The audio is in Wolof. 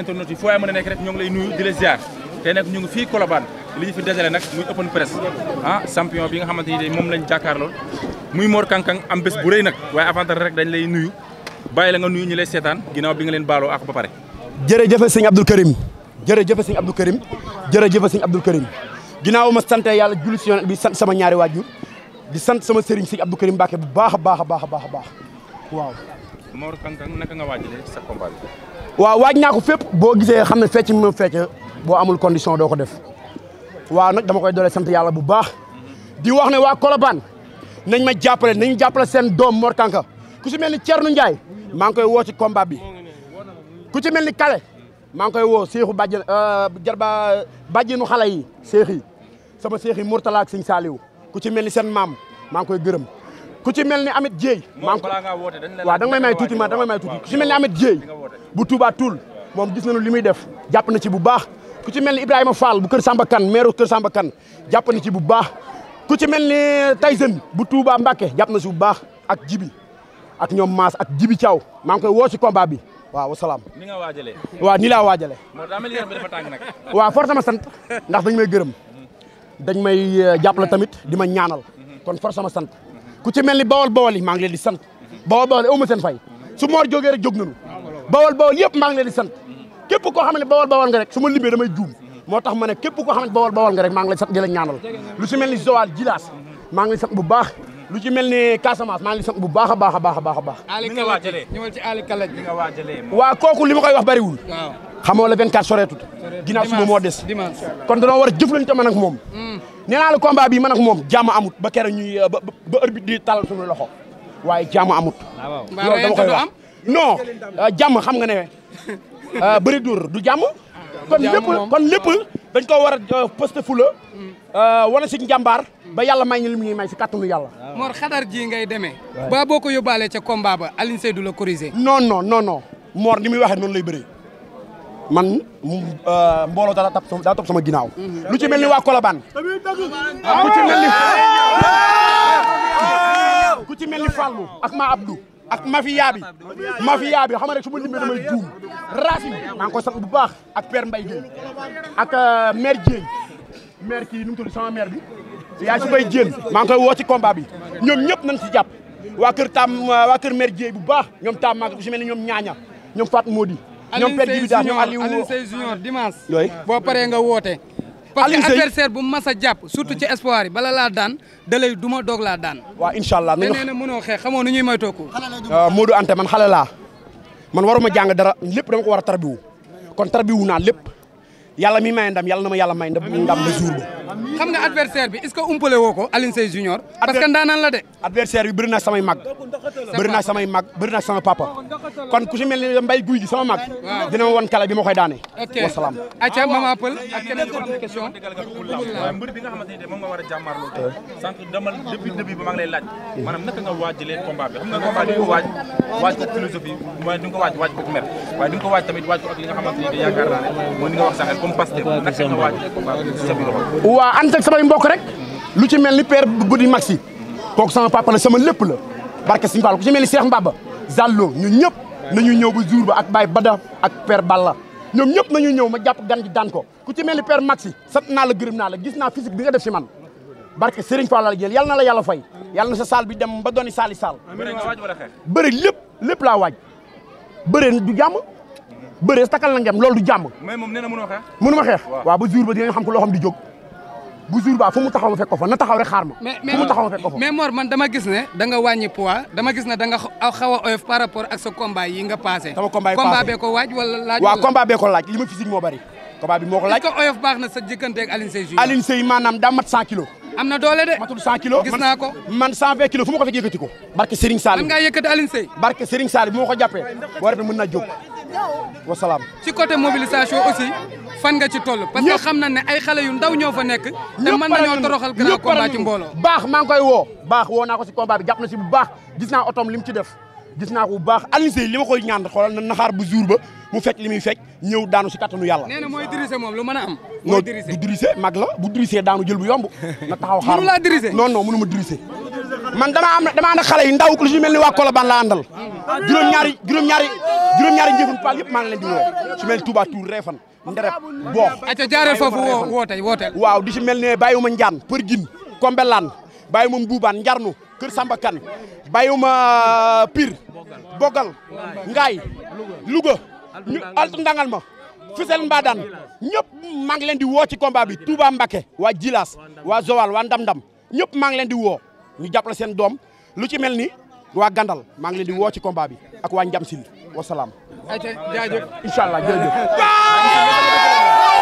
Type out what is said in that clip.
internet yi foo mën a nekk rek ñoo ngi i nuyu di la ziar te nag ñu ngi fii Colobane li fi dajale nag muy open press ah champion bi nga xamante ni tey moom lañ jàkkaarlool muy Mor Kang Kang am bés bu rëy nag waaye avantage rek dañ lay nuyu bàyyi la nga nuyu ñu lay seetaan ginnaaw bi nga leen baaloo ak ba pare jërëjëf sëñ Abdou Karim jërëjëf sëñ Abdou Karim jërëjëf sëñ Abdou Karim ginnaaw ma sant yàlla julli si yoon bi sant sama ñaari waajur di sant sama sëriñ sëñ Abdou Karim Mbacke bu baax a baax a baax a baax waaw Mor Kang Kang naka nga waajalee sa combat bi waaw waaj naa ko fépp boo gisee xam ne fecc mi ma fecc boo amul condition doo ko def waaw nag dama koy doole sant yàlla bu baax di wax ne waa Colobane nañ ma jàppale nañ jàppale seen doom Mor Kanka ku ci mel ni Thierno Ndiaye maa ngi koy woo ci combat bi ku ci mel ni Kale maa ngi koy woo seexu bàjjen euh, jarba bàjjenu xale yi seexi sama seex yi Mourtala ak Sëñ Saaliw ku ci mel ni seen maam maa ngi koy gërëm ku ci mel ni amit Dieye maa ngi waaw da nga may may tuuti ma da nga may may tuuti ku ci mel ni Ameth Dieye bu Touba moom gis nañu li muy def jàpp na ci bu baax ku ci mel ni Ibrahima Fall bu Kër Samba Kane maire jàpp na ci bu baax ku ci mel ni Tyson bu Touba Mbacké jàpp na ci bu baax ak Jibi ak ñoom Maas ak Jibi caaw maa ngi koy woo ci combat bi waaw wasalaam. ni nga waajalee. waaw ni laa waajalee. moo mel yaram bi dafa tàng nag. waaw force sant ndax dañ may gërëm dañ may euh, jàppale tamit di ma ñaanal mhm. kon force sama sant ku ci mel ni bawol bawol yi maa ngi leen di sant bawol bawol yi aw ma seen fay su moor jógee rek jóg nañu bawol bawol yëpp maa leen di sant képp ko xam ne bawol bawol nga rek su ma limee damay juum moo tax ma ne képp ko xam ne bawol bawol nga rek maa ngi lay sant di la lu ci mel ni Joal Jilaas maa ngi lay sant bu baax lu ci mel ni Casamance maa ngi lay sant bu baax a baax a baax baax a baax ñëwal ci Ali Kalaj bi nga waajalee waaw kooku li ma koy wax bariwul xamoo la 24 soreetut ginnaaw suba moo des kon danoo war a jëflante man ak nee naa la combat bi man ak moom jàmm amut ba keroog ñuy ba ba arbitre di tàllal suñu loxo waaye jàmm amut. loolu ah, dama koy wax non euh, jàmm xam nga ne euh, bëri dóor du jàmm. kon lépp kon lépp dañ ko war a euh, poste fula wala si njàmbaar ba yàlla may ñu lim ñuy may si kàttanu yàlla. Ah. Mor xadar ji ngay demee. baa boo ko yóbbaalee ca combat ba Alioune Seydoux la corrigé. non non non non Mor ni muy waxee noonu lay bëree. man euh, mbooloo daa topp daa sama ginnaaw. lu ci mel ni waa Colobane. ku ci mel ni. ku ci ak ma Abdou. ak mafia bi mafia bi xam nga rek su ma limee juum Racine maa ngi koy sant bu baax ak Père Mbaye Guèye ak euh, maire Dieng maire kii nu mu tudd sama maire bi yaay su bay Dieng maa ngi woo ci combat bi ñoom ñëpp nañ ci jàpp waa kër Tam waa kër bu baax ñoom Tam maa ngi ko su mel ni ñoom ñaaña ñoom Fatou Modi ñoom perte bi daal ñoom junior dimanche. yooyu boo paree nga woote. parce adversaire bu mas a jàpp surtout ci espoir yi bala laa daan dalay duma doog laa daan. waa incha allah nañu nee na mënoo xeex xamoo nu ñuy moytoo ko. Euh, Modou Anta man xale laa man waruma jàng dara lépp dama ko war a tarbiwu kon tarbiwu naa lépp yàlla mi may ndam yàlla na ma yàlla may ndam le jour ba xam nga adversaire bi est-ce que umpale woo ko Alioune junior parce que ndaanaan la de adversaire bi bëri samay mag bëri samay mag bëri naa sama papa kon ku si mel ni mbay guy mag dina ma won kala bi ma koy daane wasalaam aca mama pël war a jàmmaarloo sànq dama depuis début bi waaj waaj ko philosophie mooy di waaj waaj ko waaye di waaj tamit waaj ko ak li nga xamante ne yaakaar naa ne mooy ni waaj combat bi waa ànd ak samay mbokk rek lu ci mel ni père Budi Maxi kooku sama papa la sama lépp la barke Sëñ Fall ku ci mel ni Cheikh Mbaba Zallo ñun ñëpp nañu ñëw ba jour ba ak Baye Bada ak père Balla ñoom ñëpp nañu ñëw ma jàpp gan gi daan ko ku ci mel ni père Maxi sa naa la gërëm naa la gis naa physique bi nga def si man barke Serigne Fall la jël yal na la yàlla fay yal na sa saal bi dem ba dooni saali saal bëri lépp lépp laa waaj bëri du jàmm bëri takal na ngem loolu du jàmm mais moom nee na mënoo xeex mënuma xam ko jóg bu jour ba fu mu taxaw ma fekk ko fa na taxaw rek xaar ma. fu mu taxaw ma fekk ko fa man dama gis ne da nga wàññi dama gis ne da nga a oyof par rapport ak sa combat yi nga passé. sama combat yi passé combat bee ko waaj wala laaj. waaw combat bee ko laaj li ma physique moo bari. combat bi moo ko laaj ko oyof baax na sa jëkkante ak Alioune Seye Junior. Alioune Seye maanaam daa mat 100 kilos. am na doole de gis naa ko man 120 kilos fu fan nga ci toll. parce que xam na ne ay xale yu ndaw ñoo fa nekk. te mën nañoo toroxal grand combat baax maa ngi koy woo. baax woo naa ko si combat bi jàpp na si bu baax gis naa otoom li ci def gis naa ko bu baax Alioune Seye koy ñaan na naxaar bu jour ba mu fekk li muy fekk ñëw daanu si kattanu yàlla. nee mooy dirissé moom lu mën a am. mooy dirissé non mag la bu dirissé daanu jël bu yomb. na taxaw xaar mënu laa dirissé non non mënu ma dirissé man damaa am damaa ànd ak xale yi ndaw lu ni waa la àndal ah, juróom-ñaari juróom-ñaari juróom-ñaari njëfun paal yëpp maa ngi leen ndereb boox aca jaareel foofu woote wooteel waaw di ci mel ne bàyyiwuma njaan për gin kombelaan bàyyiwuma mbuubaan njarnu kër Samba Kane bàyyiwuma euh, pir bogal ngaay Louga ñu alt ndangal ma Fisel Mbadane ñëpp maa ngi leen di woo ci combat bi Touba Mbacké waa Jilas waa Joal waa Ndam-Ndam ñëpp maa ngi leen di woo ñu jàppale seen doom lu ci mel ni waa Gandal maa ngi leen di woo ci combat bi ak wa Njamsil wasalaam ayca jaajëf incha allah jërëjëf